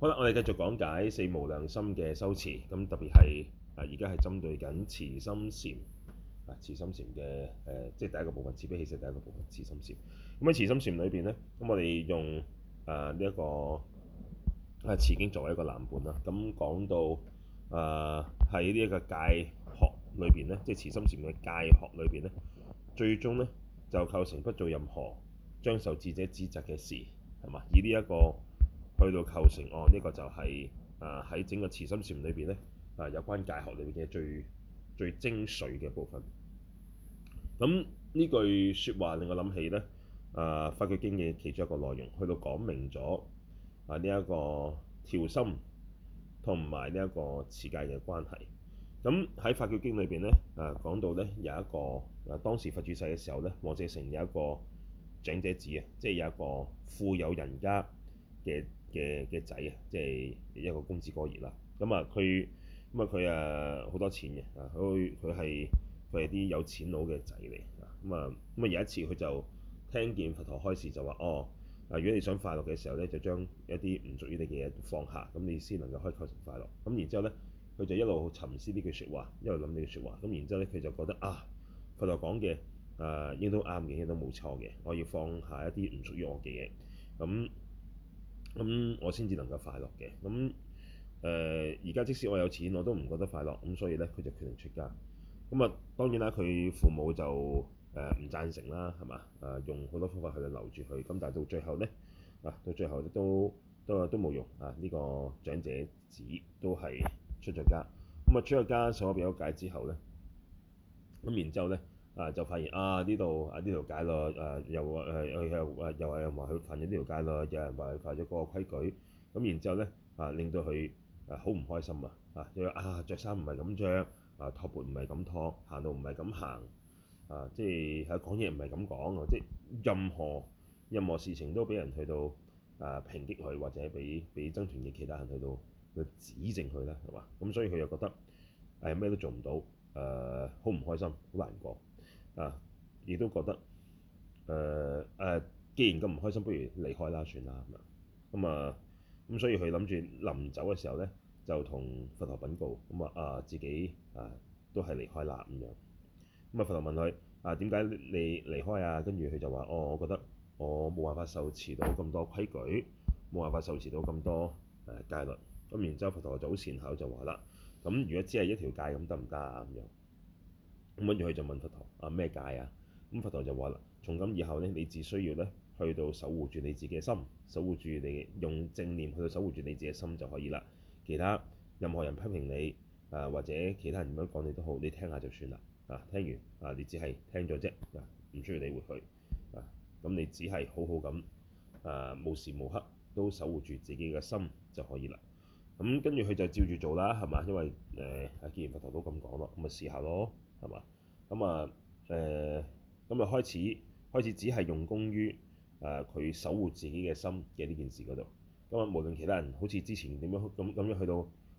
好啦，我哋繼續講解四無量心嘅修持，咁特別係啊，而家係針對緊慈心禪啊，慈心禪嘅誒，即、呃、係、就是、第一個部分慈悲喜捨，第一個部分慈心禪。咁喺慈心禪裏邊咧，咁我哋用啊呢一個啊《慈經》作為一個藍本啦，咁講到啊喺呢一個戒學裏邊咧，即係慈心禪嘅戒學裏邊咧，最終咧就構成不做任何將受智者指責嘅事，係嘛？以呢、這、一個。去到構成案呢、哦這個就係啊喺整個慈心禪裏邊咧啊，有關戒學裏邊嘅最最精髓嘅部分。咁呢句説話令我諗起咧啊，呃《法句經》嘅其中一個內容，去到講明咗啊、呃這個、呢一個調心同埋呢一個持戒嘅關係。咁喺《法句經》裏邊咧啊，講到咧有一個啊，當時佛住世嘅時候咧，王舍城有一個長者子啊，即係有一個富有人家嘅。嘅嘅仔啊，即係一個公子哥兒啦。咁啊，佢咁啊，佢誒好多錢嘅啊。佢佢係佢係啲有錢佬嘅仔嚟啊。咁啊咁啊，有一次佢就聽見佛陀開示就話：哦，啊，如果你想快樂嘅時候咧，就將一啲唔屬於你嘅嘢放下，咁你先能夠開心快樂。咁然之後咧，佢就一路沉思呢句説話，一路諗呢句説話。咁然之後咧，佢就覺得啊，佛陀講嘅誒應該都啱嘅，應該都冇錯嘅。我要放下一啲唔屬於我嘅嘢。咁咁、嗯、我先至能夠快樂嘅。咁誒而家即使我有錢，我都唔覺得快樂。咁、嗯、所以咧，佢就決定出家。咁、嗯、啊，當然啦，佢父母就誒唔、呃、贊成啦，係嘛？誒、呃、用好多方法去留住佢。咁、嗯、但係到最後咧，啊到最後都都都冇用啊！呢、呢個長者子都係出咗家。咁、嗯、啊，出咗家，手腳被解之後咧，咁、嗯、然之後咧。啊！就發現啊，呢度啊呢、啊啊啊、條街咯，誒又誒又話又話佢犯咗呢條街咯，有人話佢犯咗個規矩。咁然之後咧啊，令到佢啊好唔開心啊！因為啊著衫唔係咁着，啊拖盤唔係咁拖，行到唔係咁行啊！即係喺、啊、講嘢唔係咁講，即係任何任何事情都俾人去到啊抨擊佢，或者俾俾僧團嘅其他人去到去到指正佢咧，係嘛？咁所以佢又覺得誒咩、啊、都做唔到，誒好唔開心，好難過。啊！亦都覺得誒誒、呃啊，既然咁唔開心，不如離開啦，算啦咁樣。咁、嗯、啊，咁所以佢諗住臨走嘅時候咧，就同佛陀禀告。咁、嗯、啊啊，自己啊都係離開啦咁樣。咁啊，佛陀問佢啊，點解你離開啊？跟住佢就話：哦，我覺得我冇辦法受持到咁多規矩，冇辦法受持到咁多誒戒律。咁然之後，佛陀就好善巧就話啦：咁、啊、如果只係一條戒咁得唔得啊？咁樣。咁跟住佢就問佛陀：啊咩解啊？咁佛陀就話啦：從今以後咧，你只需要咧去到守護住你自己嘅心，守護住你用正念去到守護住你自己心就可以啦。其他任何人批評你啊，或者其他人點樣講你都好，你聽下就算啦。啊，聽完啊，你只係聽咗啫，唔需要理會佢。啊，咁你只係好好咁啊，無時無刻都守護住自己嘅心就可以啦。咁、啊、跟住佢就照住做啦，係嘛？因為誒阿既然佛陀都咁講咯，咁咪試下咯。係嘛？咁啊、嗯，誒、嗯，咁、嗯、啊、嗯嗯、開始開始只係用功於誒佢、呃、守護自己嘅心嘅呢件事嗰度。咁、嗯、啊，無論其他人好似之前點樣咁咁樣，樣去到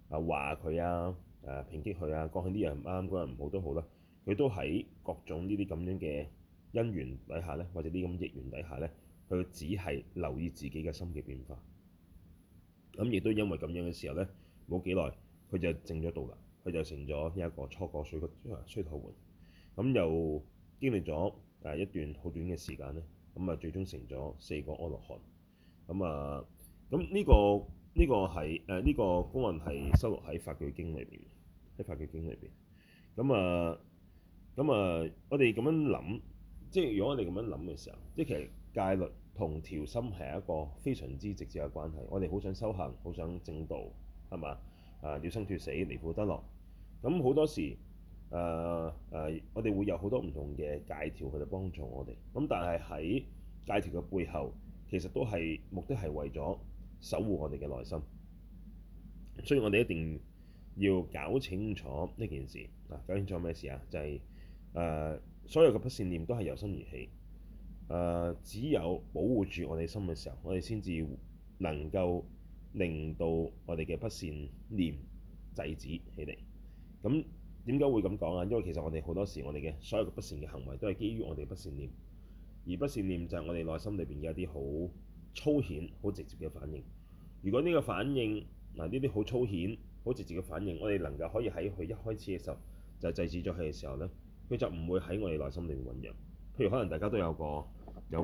啊話佢啊誒抨擊佢啊，講起啲人唔啱，嗰人唔好，好都好啦。佢都喺各種呢啲咁樣嘅因緣底下咧，或者啲咁逆緣底下咧，佢只係留意自己嘅心嘅變化。咁、嗯、亦都因為咁樣嘅時候咧，冇幾耐佢就靜咗度啦。佢就成咗一個初果水嘅須陀洹，咁又經歷咗誒一段好短嘅時間咧，咁啊最終成咗四果阿羅漢，咁啊咁呢個呢、呢個係誒呢個公案係收錄喺《法句經裡面》裏、嗯、邊，喺、嗯《法句經》裏、嗯、邊，咁啊咁啊我哋咁樣諗，即係如果我哋咁樣諗嘅時候，即係其實戒律同調心係一個非常之直接嘅關係。我哋好想修行，好想正道，係嘛？啊！要生脱死，離苦得樂。咁、嗯、好多時，誒、呃、誒、呃，我哋會有好多唔同嘅戒條去嚟幫助我哋。咁、嗯、但係喺戒條嘅背後，其實都係目的係為咗守護我哋嘅內心。所以我哋一定要搞清楚呢件事。啊，搞清楚咩事啊？就係、是、誒、呃，所有嘅不善念都係由心而起。誒、呃，只有保護住我哋心嘅時候，我哋先至能夠，令到我哋嘅不善念制止起嚟，咁點解會咁講啊？因為其實我哋好多時，我哋嘅所有嘅不善嘅行為都係基於我哋不善念，而不善念就係我哋內心裏邊嘅一啲好粗淺、好直接嘅反應。如果呢個反應嗱，呢啲好粗淺、好直接嘅反應，我哋能夠可以喺佢一開始嘅時候就制止咗佢嘅時候呢，佢就唔會喺我哋內心裏面醞釀。譬如可能大家都有個有個有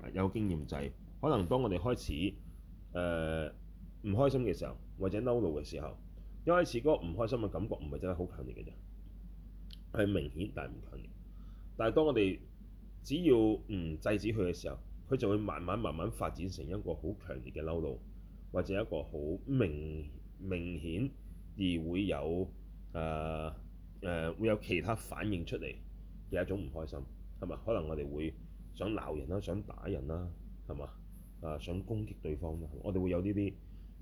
個有個經驗就係可能當我哋開始誒、呃唔開心嘅時候，或者嬲怒嘅時候，一開始嗰個唔開心嘅感覺唔係真係好強烈嘅啫，係明顯但係唔強烈。但係當我哋只要唔制止佢嘅時候，佢就會慢慢慢慢發展成一個好強烈嘅嬲怒，或者一個好明明顯而會有誒誒、呃呃、會有其他反應出嚟嘅一種唔開心，係咪？可能我哋會想鬧人啦，想打人啦，係嘛？啊、呃，想攻擊對方啦，我哋會有呢啲。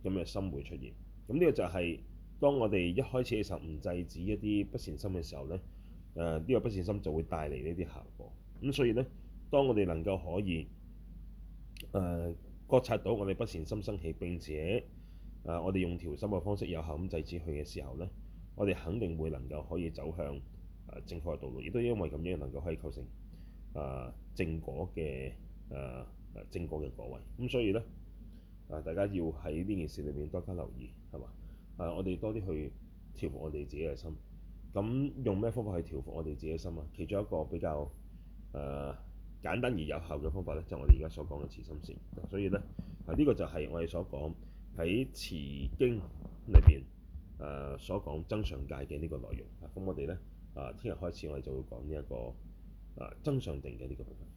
咁嘅心會出現，咁呢個就係、是、當我哋一開始嘅時候唔制止一啲不善心嘅時候呢，誒、呃、呢、這個不善心就會帶嚟呢啲效果。咁所以呢，當我哋能夠可以誒、呃、覺察到我哋不善心生起，並且誒、呃、我哋用調心嘅方式有效咁制止佢嘅時候呢，我哋肯定會能夠可以走向正確嘅道路，亦都因為咁樣能夠可以構成誒、呃、正果嘅誒、呃、正果嘅果位。咁所以呢。啊！大家要喺呢件事裏面多加留意，係嘛？啊！我哋多啲去調伏我哋自己嘅心。咁用咩方法去調伏我哋自己嘅心啊？其中一個比較誒、呃、簡單而有效嘅方法咧，就係、我哋而家所講嘅慈心線。所以咧，啊呢、呢個就係我哋所講喺《慈經裡面》裏邊誒所講增上戒嘅呢個內容。咁我哋咧啊，聽日、啊、開始我哋就會講呢一個啊增上定嘅呢個部分。